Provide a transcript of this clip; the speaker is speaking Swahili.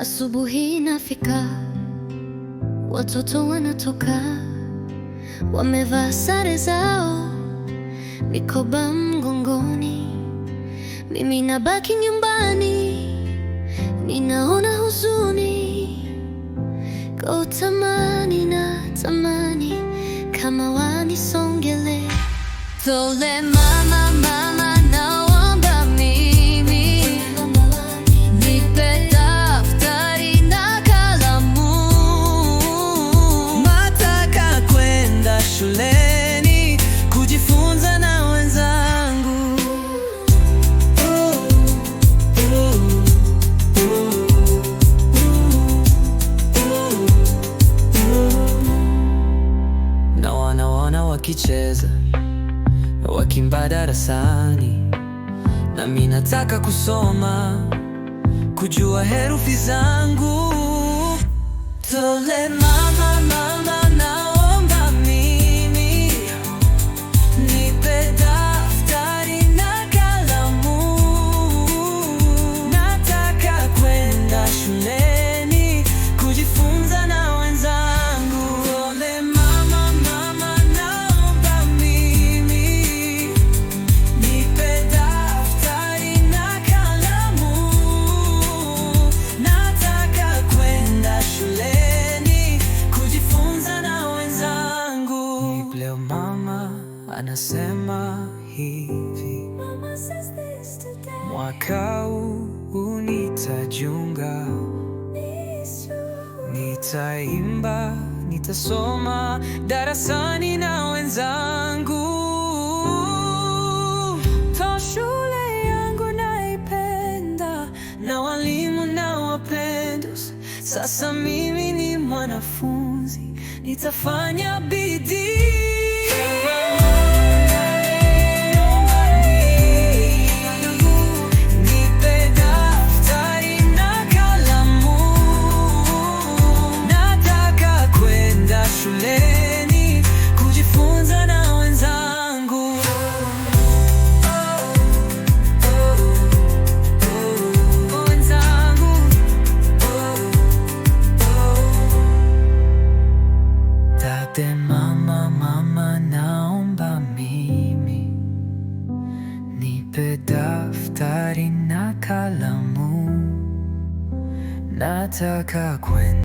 Asubuhi inafika, watoto wanatoka, wamevaa sare zao, mikoba mgongoni. Mimi nabaki nyumbani, ninaona huzuni kwa tamani na tamani, kama wanisongele tole mama mama nawaona wakicheza, wakimba darasani, nami nataka kusoma, kujua herufi zangu tolema anasema hivi, mwaka huu nitajiunga, nitaimba, nitasoma darasani na wenzangu to shule yangu naipenda, na walimu na nawapenda. Sasa mimi ni mwanafunzi, nitafanya bidii rin akala mo Natakakwento